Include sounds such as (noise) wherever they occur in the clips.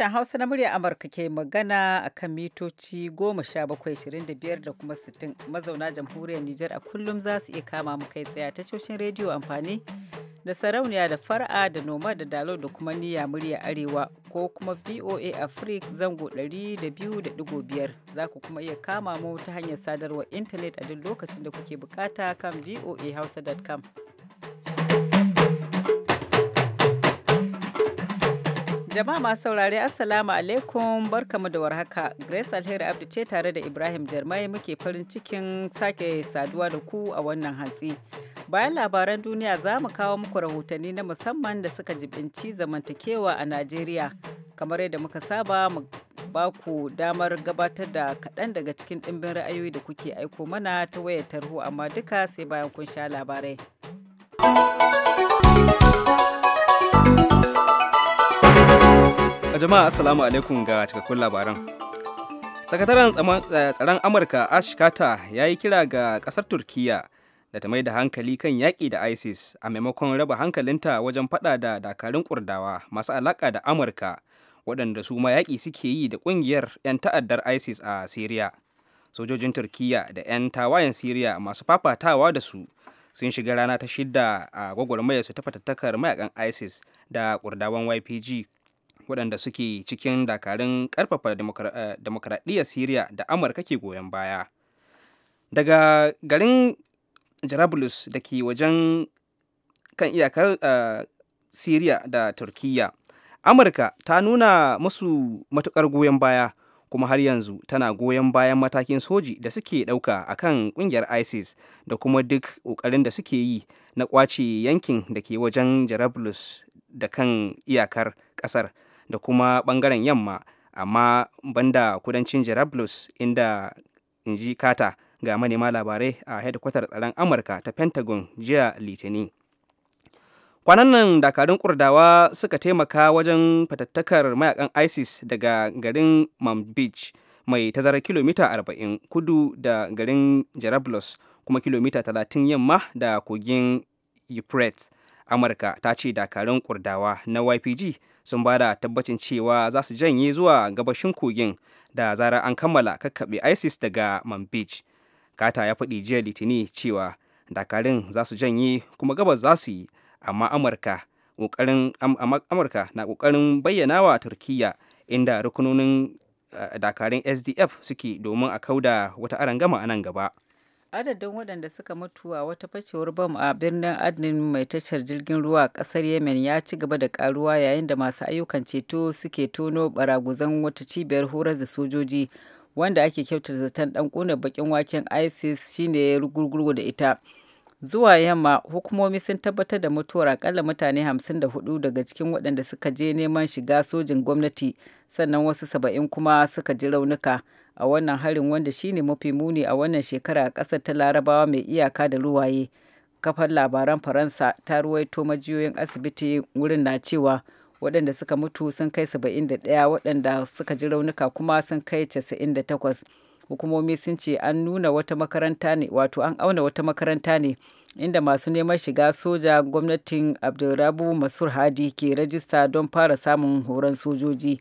Sashen Hausa na murya Amurka ke magana a kan mitoci 1725 da kuma 60 mazauna jamhuriyar Nijar a kullum za su iya kama mu kai tsaye tashoshin rediyo amfani da sarauniya da fara da noma da dalo da kuma niyya murya arewa ko kuma VOA Africa zango 200.5 za ku kuma iya kama mu ta hanyar sadarwar intanet a duk lokacin da kuke bukata kan voahausa.com. Jama'a masu saurare Assalamu alaikum barkamu da warhaka. Grace Alheri Abdu ce tare da Ibrahim Jarmai muke farin cikin sake saduwa da ku a wannan hantsi. Bayan labaran duniya za mu kawo muku rahotanni na musamman da suka jibinci zamantakewa a Najeriya. Kamar yadda muka saba mu ba ku damar gabatar da kaɗan daga cikin ɗimbin ra'ayoyi da kuke aiko mana ta wayar tarho amma duka sai bayan kun sha labarai. A jama'a assalamu alaikum ga cikakkun labaran sakataren eh, tsaron amurka ash carter ya yi kira ga ƙasar Turkiyya da ta mai da hankali kan yaƙi da isis a maimakon raba hankalinta wajen faɗa da dakarun ƙurdawa masu alaƙa da amurka waɗanda su ma yaƙi suke yi da ƙungiyar 'yan ta'addar isis a syria sojojin Turkiyya da 'yan tawayen syria masu fafatawa da su sun shiga rana ta shidda a gwagwarmaya su ta fatattakar mayakan isis da kurdawan ypg waɗanda suke cikin dakarun ƙarfafa eh, demokradiyyar Siriya da Amurka ke goyon baya. Daga garin Jarablus da ke wajen kan iyakar eh, Siriya da Turkiyya, Amurka ta nuna musu matuƙar goyon baya kuma har yanzu tana goyon bayan matakin soji da suke ɗauka a kan ƙungiyar isis da kuma duk ƙoƙarin da suke yi na ƙwace yankin da ke wajen jarablus da kan iyakar ƙasar da kuma bangaren yamma amma banda kudancin jarablus inda in ji kata ga manema labarai a hedkwatar tsaron amurka ta pentagon jiya litinin kwanan nan dakarun kurdawa suka taimaka wajen fatattakar mayakan isis daga garin beach mai tazarar kilomita 40 kudu da garin jarablus kuma kilomita 30 yamma da kogin euphrates amurka ta ce dakarun kurdawa na ypg sun ba da tabbacin cewa za su janye zuwa gabashin kogin da zarar an kammala kakkaɓe isis daga man beach kata ya faɗi jiya litini cewa dakarun za su janye kuma gabas za su yi amma amurka amurka na ƙoƙarin bayyana wa turkiyya inda rukunonin eh, dakarun sdf suke domin a kauda wata arangama a nan gaba adadin waɗanda suka mutu a wata facewar bam a birnin adnin mai tashar jirgin ruwa a ƙasar yemen ya ci gaba da karuwa yayin da masu ayyukan ceto suke tono baraguzan wata cibiyar horar da sojoji wanda ake kyautar zaton ɗan ƙunar baƙin waken isis shine ya rugurgurgu da ita zuwa yamma hukumomi sun tabbatar da mutuwar akalla mutane hamsin da hudu daga cikin waɗanda suka je neman shiga sojin gwamnati sannan wasu saba'in kuma suka ji raunuka a wannan harin wanda shine mafi muni a wannan shekara a ƙasar ta larabawa mai iyaka da ruwaye kafar labaran faransa ta ruwaito majiyoyin asibiti wurin na cewa waɗanda suka mutu sun kai 71 waɗanda suka ji raunuka kuma sun kai 98 hukumomi sun ce an nuna wata makaranta ne wato an auna wata makaranta ne inda masu neman shiga soja gwamnatin abdulrabu masur hadi ke rajista don fara samun horon sojoji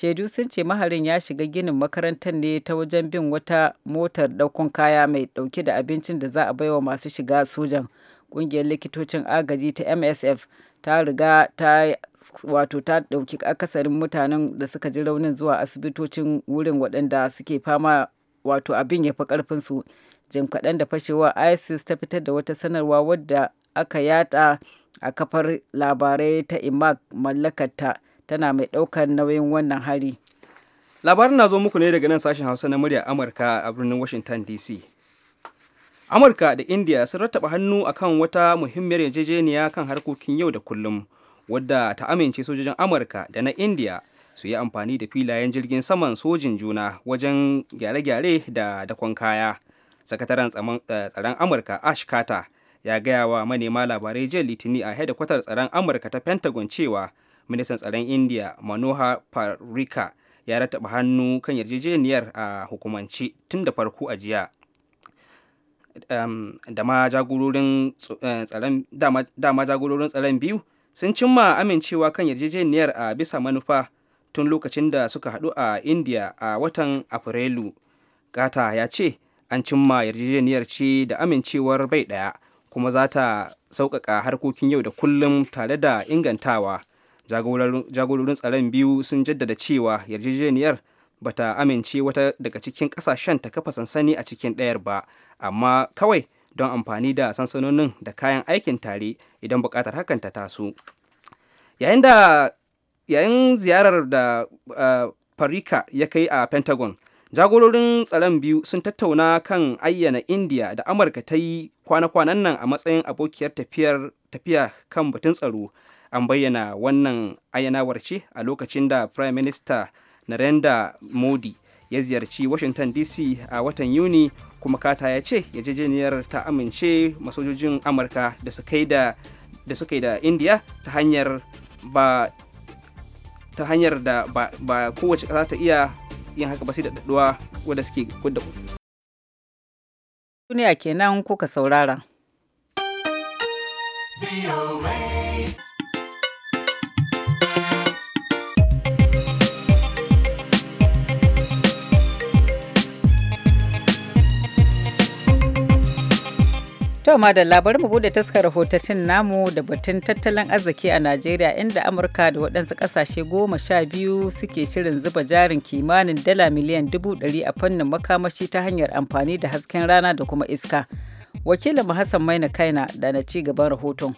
shaidu sun ce maharin ya shiga ginin makarantar ne ta wajen bin wata motar ɗaukon kaya mai ɗauke da abincin da za a baiwa masu shiga sojan ƙungiyar likitocin agaji ta msf ta riga ta wato ta ɗauki akasarin mutanen da suka ji raunin zuwa asibitocin wurin waɗanda suke fama wato abin ya fi ƙarfinsu jim kaɗan da fashewa isis ta fitar da wata sanarwa wadda aka yada a kafar labarai ta imac mallakarta tana mai ɗaukar nauyin wannan hari labarin na zo muku ne daga nan sashen hausa na murya amurka a birnin washington dc amurka da india sun rattaba hannu akan wata muhimmiyar yarjejeniya kan harkokin yau da kullum wadda ta amince sojojin amurka da na india su yi amfani da filayen jirgin saman sojin juna wajen gyare-gyare da dakon kaya sakataren eh, tsaron amurka ash carter ya gaya wa manema labarai jiya litini a hedikwatar tsaron amurka ta pentagon cewa ministan tsaron india manoha parika ya rataba hannu kan yarjejeniyar a hukumance tun da farko a jiya eh, da ma jagororin tsaron biyu sun cimma amincewa kan yarjejeniyar a bisa manufa tun lokacin da suka hadu a india a watan afrilu gata ya ce an cimma yarjejeniyar ce da amincewar bai daya kuma za ta sauƙaƙa harkokin yau da kullum tare da ingantawa jagororin tsaron biyu sun jaddada cewa yarjejeniyar ba ta amince wata daga cikin kasashen ta kafa sansani a cikin ɗayar ba amma kawai don amfani da sansanonin da kayan aikin tare idan buƙatar hakan ta taso yayin da yayin ziyarar da farika eh, ya kai a pentagon jagororin tsaron biyu sun tattauna kan ayyana india da amurka ta yi kwana-kwanan nan a matsayin abokiyar tafiya kan batun tsaro an bayyana wannan ayyanawar ce a lokacin da prime minister narendra modi ya ziyarci washington dc a watan yuni kuma kata ya ce yarjejeniyar ta amince masojojin amurka da suka yi da india ta hanyar ba ta hanyar da ba, ba kowace ƙasa ta iya yin haka ba sai da daɗuwa wadda suke kudda duniya kenan kuka saurara. To da bari mu bude taskar rahotannin namu da batun tattalin arziki a Najeriya inda Amurka da wadansu ƙasashe goma sha biyu suke shirin zuba jarin kimanin dala miliyan dubu ɗari a fannin makamashi ta hanyar amfani da hasken rana da kuma iska. Wakilin Hassan Maina Kaina da na ci gaban rahoton.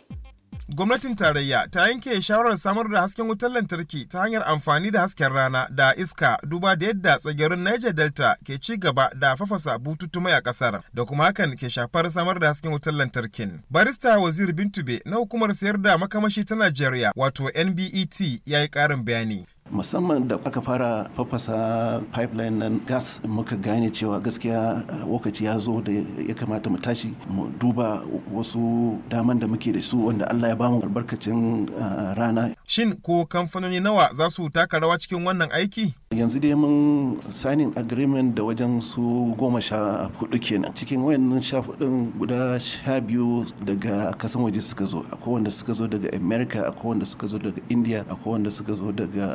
gwamnatin tarayya ta yanke shawarar samar da hasken wutar lantarki ta hanyar amfani da hasken rana da iska duba da yadda tsagirin Niger Delta ke ci gaba da fafasa bututu mai a kasar da kuma hakan ke shafar samar da hasken wutar lantarkin. Barista Wazir Bintube na hukumar sayar da makamashi ta Najeriya wato NBET ya yi karin bayani. musamman da aka fara fafasa pipeline na gas muka gane cewa gaskiya eh, lokaci ya zo da ya kamata mu tashi mu duba wasu daman da muke da su wanda Allah ya bamu albarkacin eh, rana shin ko kamfanoni nawa za su taka rawa cikin wannan aiki yanzu dai mun signing agreement da wajen su goma sha hudu kenan cikin wayannan sha hudun guda sha biyu daga kasan waje suka zo akwai wanda suka zo daga america akwai wanda suka zo daga india akwai wanda suka zo daga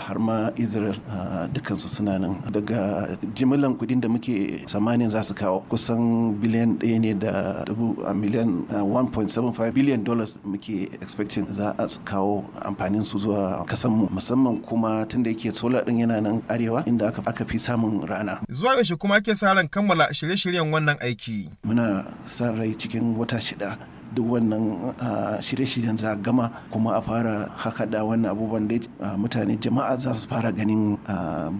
har ma israel ah, dukansu suna nan daga jimilan kudin da muke samanin za su kawo kusan biliyan ɗaya ne da dubu a miliyan 1.75 biliyan dollars muke expecting za a kawo amfanin su zuwa kasan mu musamman kuma tunda yake solar din yana nan arewa inda aka, aka fi samun rana zuwa yaushe kuma ake sa ran kammala shirye-shiryen wannan aiki muna san rai cikin wata shida duk wannan shirye-shiryen za gama kuma a fara hakada wannan abubuwan da mutane jama'a za su fara ganin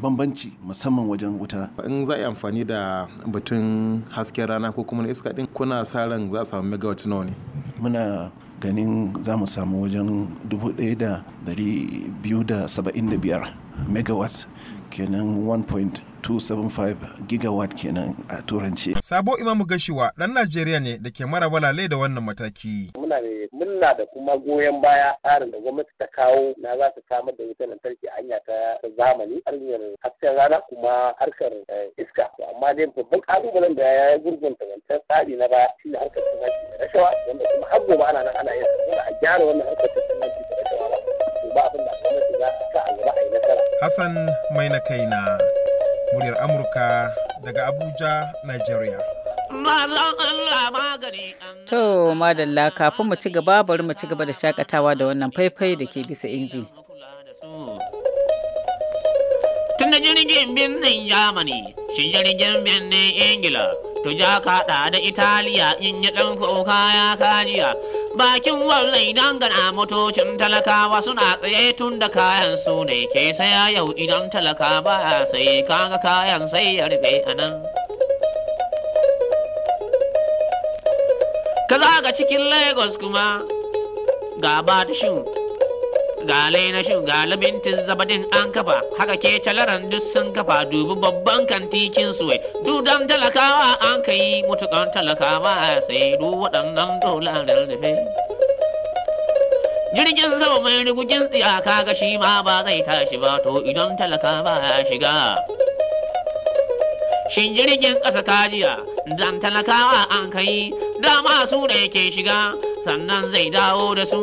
bambanci musamman wajen wuta in za a yi amfani da batun hasken rana ko kuma iska din kuna sa ran za a samu megawatt nawa ne muna ganin za mu samu wajen 1275 megawatt kenan point. 275 gigawatt kenan a turanci. Sabo Imamu Gashiwa ɗan Najeriya ne da ke mara walale da wannan mataki. Muna ne da kuma goyon baya tsarin da gwamnati ta kawo na za ta samar da wutar lantarki a hanya ta zamani hanyar hasken rana kuma harkar eh, iska. Amma dai babban ƙalubalen da ya gurgunta wancan tsari na baya shine harkar tunaci da rashawa wanda kuma har gobe ana nan ana yin sa a gyara wannan harkar tunaci da rashawa ba abin da gwamnati za ta sa a gaba a yi nasara. Hassan mai na kaina. muryar Amurka daga Abuja, Nigeria. To, madalla kafin mu ci gaba bari mu ci gaba da shakatawa da wannan faifai da ke bisa inji. jirgin birnin Yamani, shi jirgin birnin Ingila, to ja kaɗa da Italiya in yi ɗan kuka ya kajiya. Bakin wallai dangana motocin talakawa suna tsaye tun da kayan su ne ke saya yau idan talaka ba sai kaga kayan sai ya rufe a nan. Ka cikin Lagos kuma ga batashin ga laina shi ga labintin zabadin an kafa haka ke calaran duk sun kafa dubi babban kantikin suwai dudan talakawa an kai yi mutukan talakawa sai du waɗannan dolarar da jirgin sama mai rigugin tsiyaka ga shi ma ba zai tashi ba to idan talakawa ya shiga shin jirgin ƙasa kajiya dan talakawa an kai dama su da yake shiga sannan zai dawo da su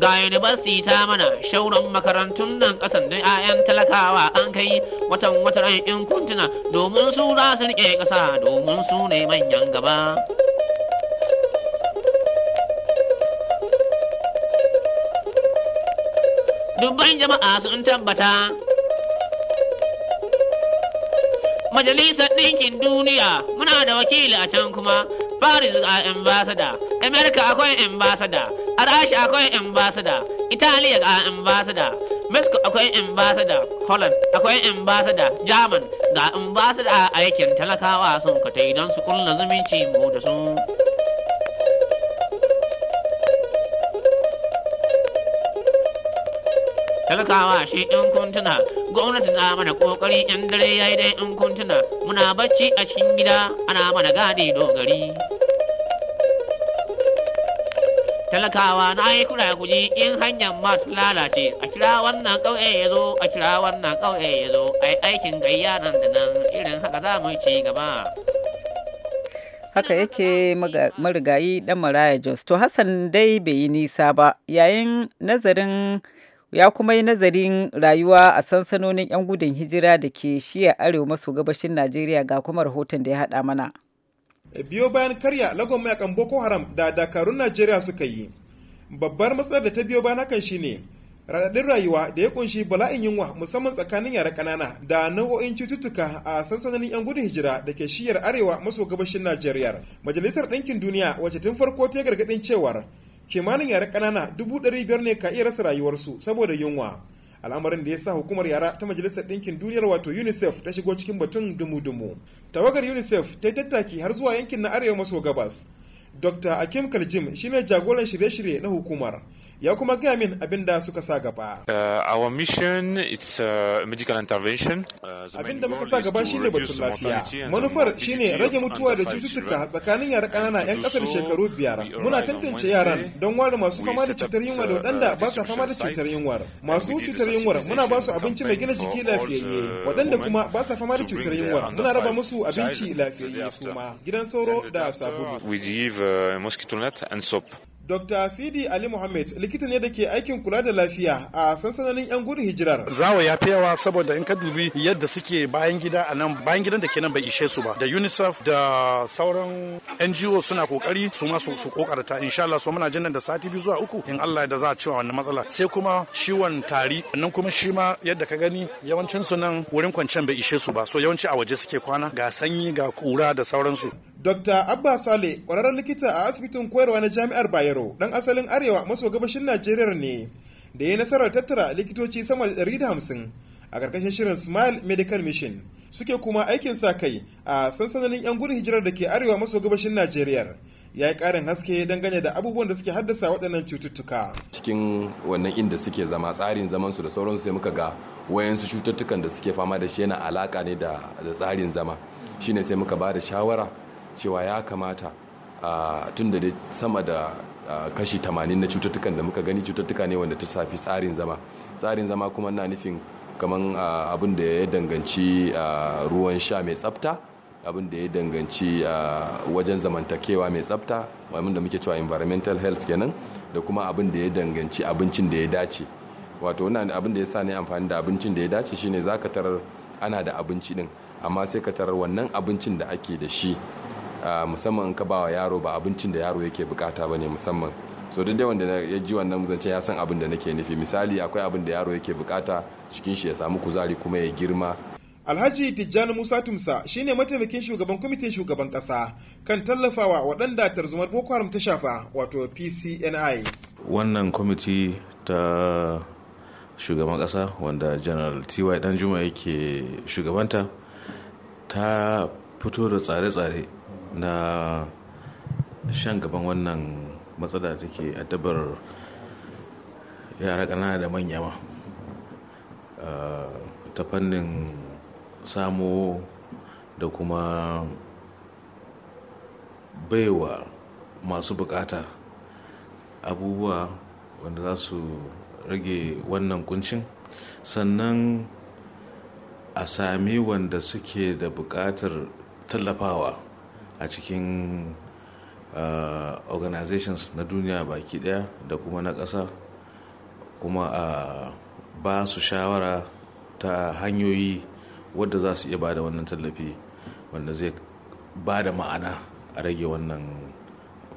ga university mana shauran makarantun nan kasan da 'ya'yan talakawa an kai watan watan in kuntuna domin su za su rike kasa domin su ne manyan gaba dubban jama'a sun tabbata majalisar ɗinkin duniya muna da wakili a can kuma paris a ambassador america akwai ambassador a rasha akwai ambassador italiya ga ambassador mexico akwai ambassador holland akwai ambassador german ga a aikin talakawa sun kata idan su kulla zumunci mu da su talakawa shi in kuntuna gwamnati na mana kokari yan dare yi dai in kuntuna muna bacci a cikin gida ana mana gadi dogari talakawa na yi kura kuji in hanyar ma lalace a kira wannan ƙauye ya zo a kira wannan ƙauye ya zo a yi aikin gayya nan da nan irin haka za mu ci gaba haka yake marigayi dan maraya jos to hassan dai bai yi nisa ba yayin nazarin ya kuma yi nazarin rayuwa a sansanonin 'yan gudun hijira da ke shiya arewa maso gabashin najeriya ga kuma rahoton da ya haɗa mana Eh, biyo bayan karya lagon mayakan boko haram da dakarun najeriya suka yi babbar matsalar da ta biyo bayan hakan shine raɗaɗin rayuwa da ya kunshi bala'in yunwa musamman tsakanin yara ƙanana da nau'o'in cututtuka a sansanonin 'yan gudun hijira da ke shiyar arewa maso gabashin najeriya majalisar ɗinkin duniya wacce tun farko ta gargaɗin cewar kimanin yara ƙanana dubu ɗari biyar ne ka iya rasa rayuwarsu saboda yunwa al'amarin da ya sa hukumar yara ta majalisar ɗinkin duniyar wato unicef ta shigo cikin batun dumu-dumu tawagar unicef ta yi tattaki har zuwa yankin na arewa maso gabas dr akim kaljim shine jagoran shirye-shirye na hukumar ya kuma gaya min abin da suka sa gaba. Uh, our mission it's a uh, medical intervention. Uh, abin da muka sa gaba shi ne batun lafiya. Manufar shi ne rage mutuwa da cututtuka tsakanin yara ƙanana 'yan ƙasar shekaru biyar. Muna tantance yaran don ware masu fama da cutar yunwa da waɗanda ba sa fama da cutar yunwar. Masu cutar yunwar muna ba su abinci mai gina jiki lafiyayye. Waɗanda kuma ba sa fama da cutar yunwar muna raba musu abinci lafiyayye su ma. Gidan sauro da sabulu. We give mosquito net and soap. Dr. Sidi Ali Mohammed likita ne da ke aikin kula da lafiya a sansanonin 'yan gudun hijirar. Zawo ya fi yawa saboda in ka dubi yadda suke bayan gida a nan bayan gidan da ke nan bai ishe su ba. Da UNICEF da sauran NGO suna kokari su ma su kokarta insha Allah so muna jin da sati biyu zuwa uku in Allah da za a cewa wannan matsala. Sai kuma ciwon tari nan kuma shi ma yadda ka gani yawancin su nan wurin kwancen bai ishe su ba so yawanci a waje suke kwana ga sanyi ga kura da sauransu. Dr. Abba Sale, ƙwararren likita a asibitin koyarwa na Jami'ar Bayero, ɗan asalin Arewa maso gabashin Najeriya ne, da ya nasarar tattara likitoci sama da 150 a ƙarƙashin shirin Smile Medical Mission. Suke kuma aikin sa kai a sansanonin 'yan gudun hijirar da ke Arewa maso gabashin Najeriya. ya yi ƙarin haske dangane da abubuwan da suke haddasa waɗannan cututtuka. Cikin wannan inda suke zama tsarin zamansu da sauransu sai muka ga wayansu cututtukan da suke fama da shi yana alaƙa ne da tsarin zama. shi ne sai muka ba da shawara cewa ya kamata tun da sama da kashi 80 na cututtukan da muka gani cututtuka ne wanda ta safi tsarin zama tsarin zama kuma na nufin kamar abin da ya danganci ruwan sha mai tsafta abin da ya danganci wajen zamantakewa mai tsafta abin da muke cewa environmental health kenan da kuma abin da ya danganci abincin da ya dace wato wannan abin da ya sa ne amfani da abincin da ya dace shine za ka tarar ana da abinci din amma sai ka tarar wannan abincin da ake da shi Ah, musamman ka ba wa yaro ba abincin da yaro yake bukata ba ne musamman so duk da wanda ya ji wannan zance ya san abin da nake nufi misali akwai abin da yaro yake bukata cikin shi ya samu kuzari kuma ya girma Alhaji Tijjani Musa Tumsa shine mataimakin shugaban kwamitin shugaban kasa kan tallafawa waɗanda tarzumar Boko Haram ta shafa wato PCNI. Wannan kwamiti ta shugaban kasa wanda General T.Y. Danjuma yake shugabanta ta fito da tsare-tsare na shan gaban wannan matsala da ke addabar yara ƙanana da manya ma ah, ta fannin samo da kuma baiwa masu bukata abubuwa wanda za su rage wannan kuncin sannan a sami wanda suke da bukatar tallafawa a cikin eh, organizations na duniya baki daya da kuma na ƙasa kuma a ba su shawara ta hanyoyi wadda za su iya ba da wannan tallafi wanda zai ba da ma'ana a rage wannan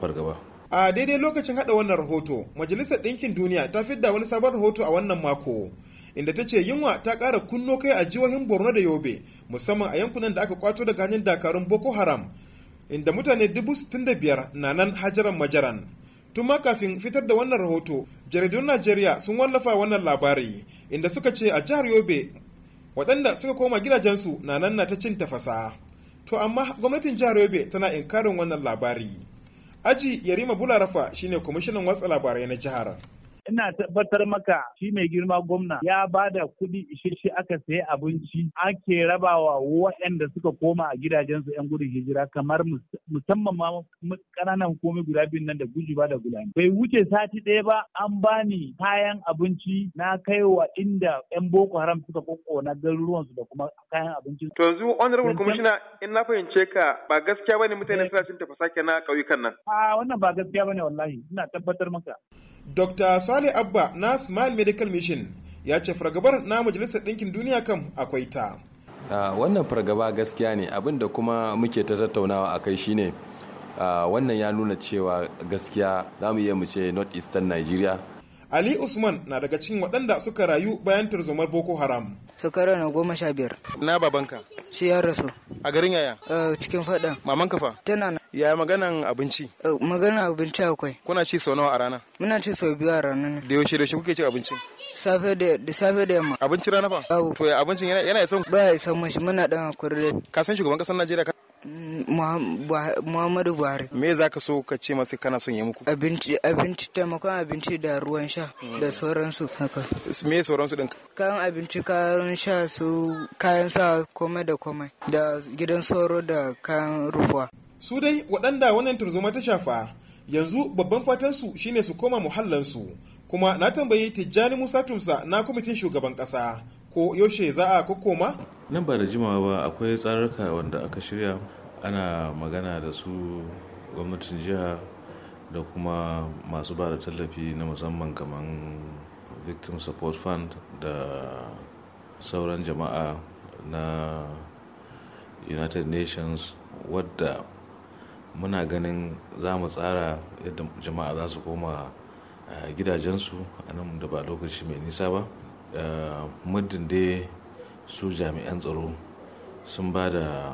fargaba. a daidai lokacin hada wannan rahoto majalisar ɗinkin duniya ta fi da wani sabon rahoto a wannan mako inda ta ce yunwa ta ƙara kunno kai a jihohin borno da yobe musamman a yankunan da aka kwato daga hannun dakarun boko haram inda mutane dubu sittin da biyar na nan hajaran majaran tun ma kafin fitar da wannan rahoto jaridun najeriya sun wallafa wannan labari inda suka ce a jihar yobe waɗanda suka koma gidajensu na nan na ta cin tafasa to amma gwamnatin jihar yobe tana inkarin wannan labari aji yarima bularafa shine kwamishinan watsa labarai na jihar ina tabbatar maka shi mai girma gwamna ya ba da kuɗi isheshe aka sayi abinci ake rabawa waɗanda suka koma a gidajensu 'yan gudun hijira kamar musamman ma ƙananan komai guda biyu nan da guji ba da gudani. Bai wuce sati ɗaya ba an bani kayan abinci na kaiwa inda 'yan Boko Haram suka garuruwan su da kuma kayan abinci. To yanzu honorable commissioner in na fahimce ka ba gaskiya bane mutane eh. suna cin tafasa na ƙauyukan nan. A wannan ba gaskiya bane wallahi ina tabbatar maka. dr sale abba na smile medical mission ya ce fargabar na majalisar ɗinkin duniya kan akwai ta wannan fargaba gaskiya ne abin da kuma muke ta tattaunawa a kai shine wannan ya nuna cewa gaskiya za mu iya mu ce north eastern nigeria ali usman na daga cikin waɗanda suka rayu bayan tarzomar boko haram shekara na goma sha biyar na babanka shi ya rasu a garin yaya eh, cikin fada Maman kafa. tana na ya maganan abinci eh, maganan abinci akwai kuna ci sau nawa a rana muna ci sau biyu a rana ne da yaushe da yaushe kuke ci abinci? safe da da safe da yamma abincin rana fa to abincin yana yana isan ba ya isan mashi muna dan hakuri ka san shugaban kasar Najeriya Muhammadu Buhari. Me za ka so ka ce masu kana son ya muku? Abinci, abinci, taimakon abinci da ruwan sha da sauransu Me sauransu ɗin? Kayan abinci, kayan sha su kayan sa komai da komai da gidan sauro da kayan rufuwa. Su dai waɗanda wannan turzuma ta shafa yanzu babban fatansu shine su koma muhallansu kuma na tambayi Tijjani Musa Tumsa na kwamitin shugaban ƙasa ko yaushe za a kokoma? nan ba da jimawa ba akwai tsararka wanda aka shirya ana magana da su gwamnatin jiha da kuma masu ba da tallafi na musamman kamar victim support fund da sauran jama'a na united nations wadda muna ganin za mu tsara yadda jama'a za su koma eh, gidajensu a nan da ba lokaci mai nisa ba eh, muddin dai su jami'an tsaro sun ba da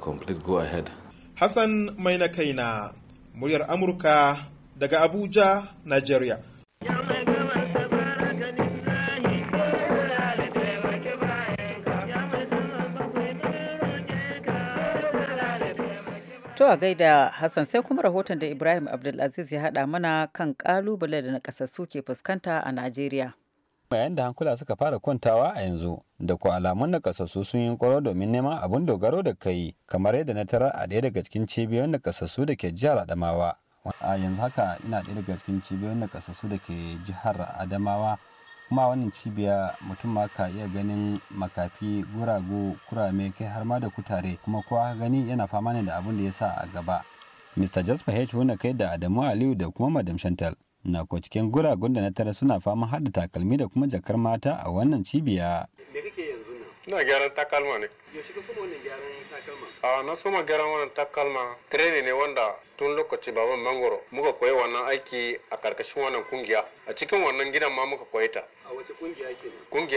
complete go ahead hassan mai na kaina muryar amurka daga abuja nigeria To a gaida Hassan sai kuma rahoton da Ibrahim Abdulaziz ya haɗa mana kan ƙalubale da ƙasassu ke fuskanta a Najeriya. yayin da hankula suka fara kwantawa a yanzu da ku alamun na kasassu sun yi kwaro domin neman abin dogaro da kai kamar yadda na tarar a ɗaya daga cikin cibiyoyin da kasassu da ke jihar adamawa a yanzu haka ina ɗaya daga cikin cibiyoyin da kasassu da ke jihar adamawa kuma wannan cibiya mutum ma ka iya ganin makafi guragu kurame kai har ma da kutare kuma kowa gani yana fama ne da abin da ya sa a gaba mr jasper h wanda kai da adamu aliyu da kuma madam shantal na ko cikin guragun da na tara suna fama hada takalmi da kuma jakar mata a wannan cibiya. Me nan? Ina gyaran takalma ne. na soma gyaran wannan takalma training ne wanda tun lokaci baban mangoro muka koyi wannan aiki a karkashin wannan kungiya a cikin wannan gidan ma muka koyi ta. A wace kungiya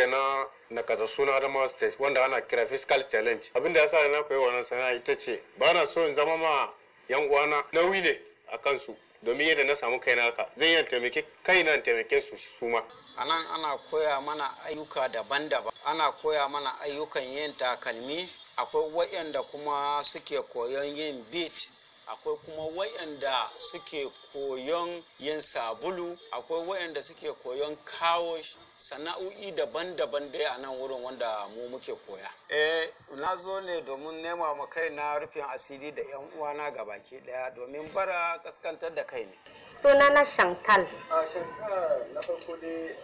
ke na na kasa suna Adamawa State wanda ana kira fiscal challenge. abinda da ya sa na koyi wannan sana'a ita ce ba na so in zama ma yan uwana nauyi ne a kansu. domin yadda na samu kaina haka zai yi taimake kaina taimake su su ma a nan ana koya mana ayyuka daban-daban ana koya mana ayyukan yin takalmi akwai waɗanda kuma suke koyon yin bit akwai kuma wayanda suke koyon yin sabulu akwai wayanda suke koyon kawo sana'o'i daban-daban dai a nan wurin wanda mu muke koya eh na zo ne domin nema ma kai na rufin asiri da yan uwana ga baki daya domin bara kaskantar da kai ne suna na shankal. a shankal na farko dai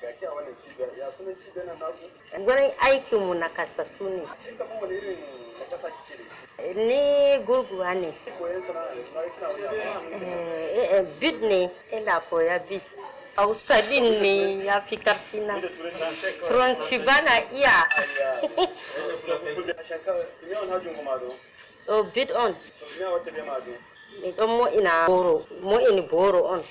ga ki a wannan cibiyar ya sunan cibiyar na ku? gurin aikinmu na kasassu ne shi wani irin ni gurguwa ne koyon eh, eh, bid ne ina koya bid hausa bin ne ya fi karfi na turanci ba na iya (laughs) o oh, bid on boro on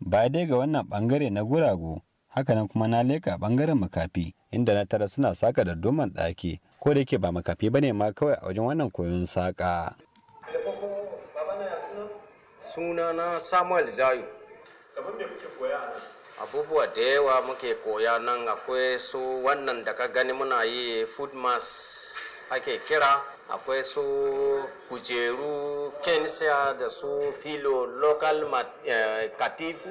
ba dai ga wannan bangare na guragu hakanan kuma na leka bangaren makafi inda na tara suna saka da duman ɗaki ko da yake ba makafi ba ne ma kawai a wajen wannan koyon saka. suna na samuel zayu abubuwa da yawa muke koya nan akwai su wannan da ka gani muna yi food mass ake kira akwai su kujeru kensiya da su filo local eh, katifu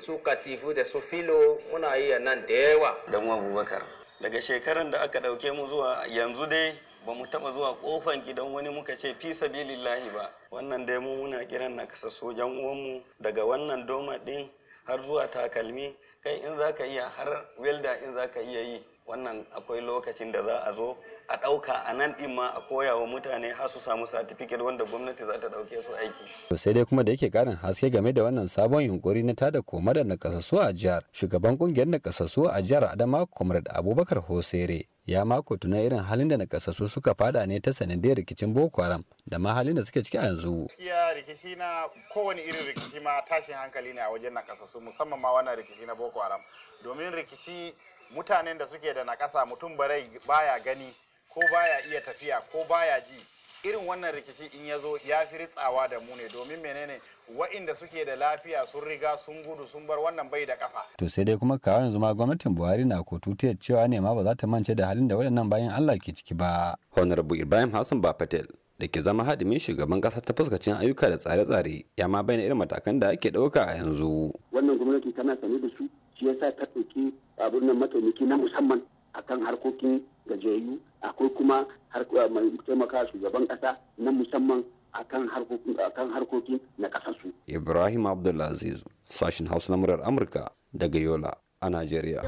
su katifu da su filo muna iya nan da yawa dan abubakar daga shekaran da aka ɗauke mu zuwa yanzu dai ba mu taɓa zuwa ƙofan gidan wani muka ce fi sabilillahi ba wannan dai mu muna kiran na kasa sojan uwanmu daga wannan doma ɗin har zuwa takalmi kai in za ka iya har welda in za ka iya yi wannan akwai lokacin da za a zo a ɗauka a nan ɗin ma a koya wa mutane har su samu satifiket wanda gwamnati za ta ɗauke su aiki. sai dai kuma da yake ƙarin haske game da wannan sabon yunkuri na tada koma da nakasassu a jihar shugaban ƙungiyar nakasassu a jihar adama comrade abubakar hosere ya mako tuna irin halin da nakasassu suka fada ne ta sanadiyar rikicin boko haram da ma halin da suke ciki a yanzu. gaskiya rikici na kowane irin rikici ma tashin hankali ne a wajen nakasassu musamman ma wannan rikici na boko haram domin rikici mutanen da suke da nakasa mutum barai baya gani ko baya iya tafiya ko baya ji irin wannan rikici in ya zo ya fi ritsawa da mu ne domin menene wa'inda suke da lafiya sun riga sun gudu sun bar wannan bai da kafa. To sai dai kuma kawo yanzu ma gwamnatin Buhari na kututiyar cewa ne ma ba za ta mance da halin da waɗannan bayan Allah ke ciki ba. Honorable Ibrahim Hassan ba Patel da ke zama hadimin shugaban kasa ta fuskacin ayyuka da tsare-tsare ya ma bayyana irin matakan da ake ɗauka a yanzu. Wannan gwamnati tana sane da su shi yasa ta ɗauki abin nan mataimaki na musamman akan harkokin gajiyayyu akwai kuma eh, mai taimaka shugaban ƙasa na musamman akan harkokin akan harkokin na ƙasarsu. Ibrahim Abdulaziz sashin Hausa na murar Amurka daga Yola a Najeriya.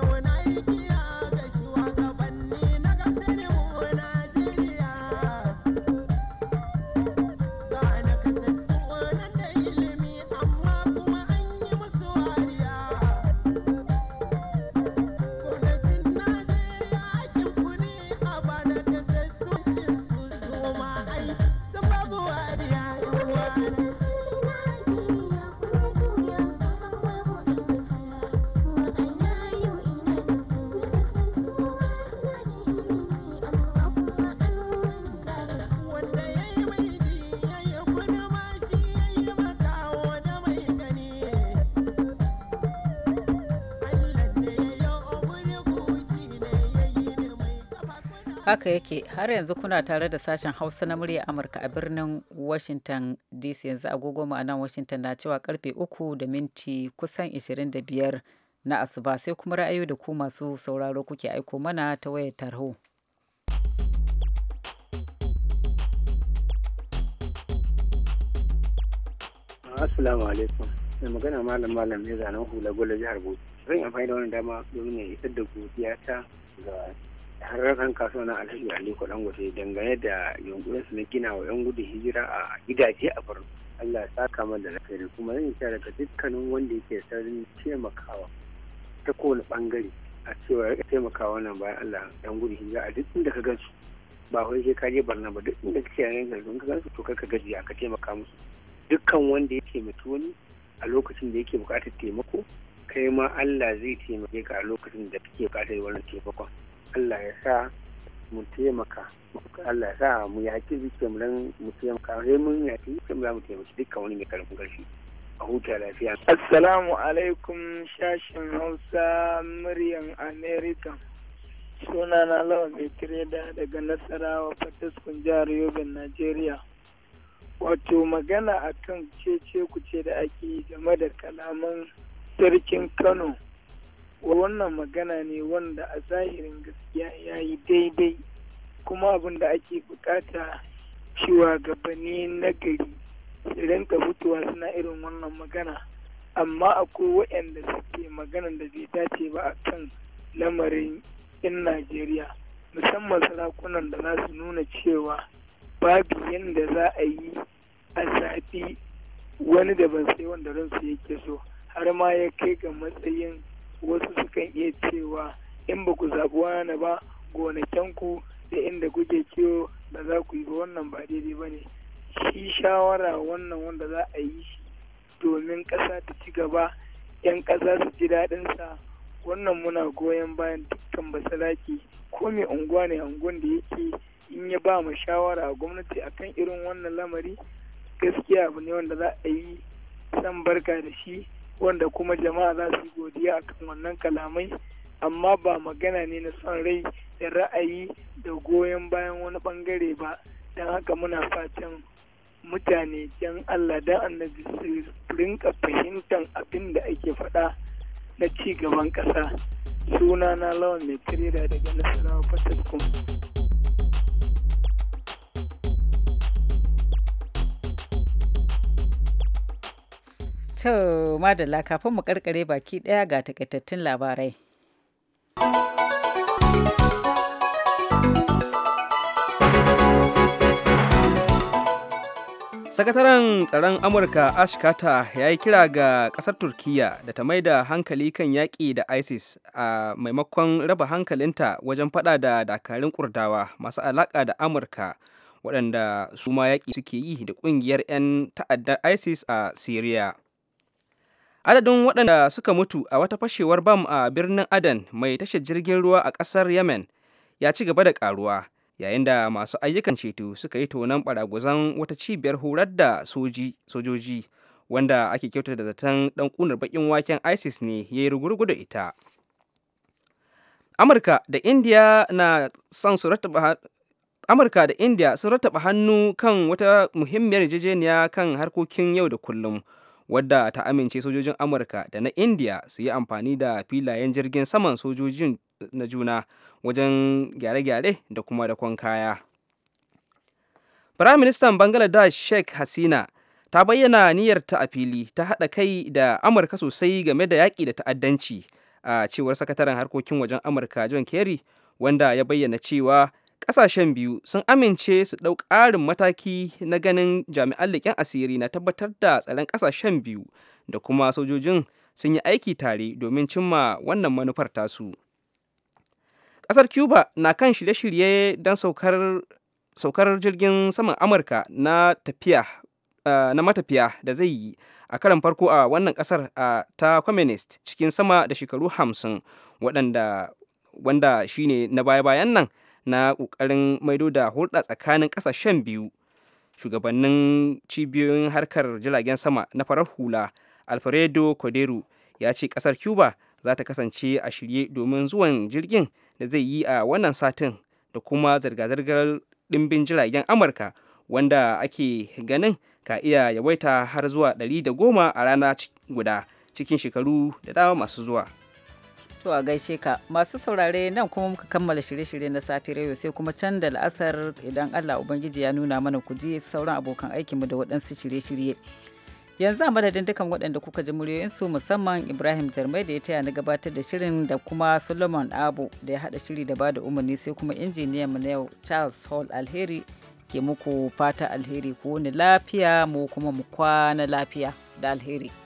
Haka yake har yanzu kuna tare da sashen Hausa na murya Amurka a birnin Washington DC yanzu agogo nan Washington na cewa karfe uku da minti kusan 25 na asuba sai kuma ra'ayoyi da ku masu sauraro kuke aiko mana ta wayar tarho. Assalamu alaikum. na magana malam malam ne zanen hula gola jihar Bauchi. Zan amfani da wani dama domin ya isar da godiya ta ga har kasuwa na alhaji aliko dangote dangane da yunkurin su na gina wa yan gudun hijira a gidaje a borno allah saka mana da lafiya kuma zan kira daga dukkanin wanda yake sarin taimakawa ta kowane bangare a cewa ya taimakawa nan bayan allah yan gudun hijira a duk inda ka gansu ba wai sai ka je barna ba duk inda kake yayin da ka gansu to ka a ka taimaka musu dukkan wanda yake taimaki a lokacin da yake bukatar taimako kai ma allah zai taimake ka a lokacin da kake bukatar wannan taimakon Allah ya sa mu taimaka Allah ya sa mu yaƙi zuke mu mu taimaka sai mun yaƙi zuke mu za mu taimaki dukkan wani mai karfin ƙarfi a huta lafiya. Assalamu alaikum shashin Hausa muryan na lawa mai tireda daga Nasarawa Fataskun jihar Yobe, Najeriya. Wato magana akan cece ce da ake game da kalaman sarkin Kano. wannan magana ne wanda a zahirin gaskiya ya yi daidai kuma abin da ake bukata ne na gari su rinka fitowa suna irin wannan magana amma akwai waɗanda suke maganan da zai dace ba a kan lamarin 'yan najeriya musamman sarakunan da za su nuna cewa babu yadda za a yi a zafi wani da ban sai wanda ransu yake so har ma ya kai ga matsayin wasu sukan iya cewa in ba ku zaɓi wani ba gonakinku da inda kuke kiwo da za ku yi ba wannan ba daidai ba ne shi shawara wannan wanda za a yi shi domin ƙasa ta ci gaba 'yan ƙasa su ji daɗinsa wannan muna goyon bayan dukkan basalaki ko mai unguwa ne unguwan da yake in ya ba mu shawara a gwamnati akan irin wannan lamari gaskiya abu ne wanda za a yi san barka da shi wanda kuma jama'a za su godiya a kan wannan kalamai amma ba magana ne na son rai da ra'ayi da goyon bayan wani bangare ba don haka muna fatan mutane don Allah don annabi su rinka fahimtar abin da ake faɗa na ci gaban ƙasa na lawan mai daga nasarawa kuma To, madalla kafin mu karkare baki ɗaya ga takaitattun labarai. sakataren tsaron amurka ash carter ya yi kira ga kasar turkiya da ta maida hankali kan yaƙi da isis a maimakon raba hankalinta wajen fada da dakarun kurdawa masu alaƙa da amurka waɗanda su ma yaƙi suke yi da ƙungiyar 'yan ta'addar isis a syria adadin waɗanda suka mutu a wata fashewar bam a birnin adan mai tashar jirgin ruwa a ƙasar yemen ya ci gaba da ƙaruwa yayin da masu ayyukan ceto suka yi tonon baragwazon wata cibiyar horar da sojoji wanda ake kyautar da zaton ɗan ƙunar baƙin waken isis ne ya yi rugurgu da ita amurka da indiya na son da indiya sun rattaba hannu kan wata muhimmiyar yarjejeniya kan harkokin yau da kullum wadda ta amince sojojin amurka da na indiya su yi amfani da filayen jirgin saman sojojin na juna wajen gyare-gyare da kuma dakon kaya firaministan bangladesh sheikh hasina ta bayyana niyyarta a fili ta haɗa kai da amurka sosai game da yaƙi da ta'addanci a cewar sakataren harkokin wajen amurka john kerry wanda ya bayyana cewa kasashen biyu sun amince su ɗau ƙarin mataki na ganin jami'an leƙen asiri na tabbatar da tsaron ƙasashen biyu da kuma sojojin sun yi aiki tare domin cimma wannan manufar tasu. Ƙasar Cuba na kan shirye-shirye don saukar, jirgin saman Amurka na matafiya da zai yi a karan farko a wannan ƙasar a ta communist cikin sama da shekaru hamsin wanda shine na baya-bayan nan na ƙoƙarin maido da hulɗa tsakanin ƙasashen biyu shugabannin cibiyoyin harkar jiragen sama na farar hula alfredo cordero ya ce ƙasar cuba za ta kasance a shirye domin zuwan jirgin da zai yi a wannan satin da kuma zirga-zirgar ɗimbin jiragen amurka wanda ake ganin ka iya yawaita har zuwa 110 a rana guda cikin shekaru da dama masu zuwa. To a gaishe ka masu saurare nan kuma muka kammala shirye-shirye na safi yau sai kuma can da la'asar idan Allah Ubangiji ya nuna mana ku je sauran abokan mu da waɗansu shirye-shirye. Yanzu a madadin dukan waɗanda kuka ji su musamman Ibrahim Jarmai da ya taya na gabatar da shirin da kuma Solomon Abu da ya haɗa shiri da bada umarni sai kuma injiniyan mu na yau Charles Hall Alheri ke muku fata alheri ko ni lafiya mu kuma mu kwana lafiya da alheri.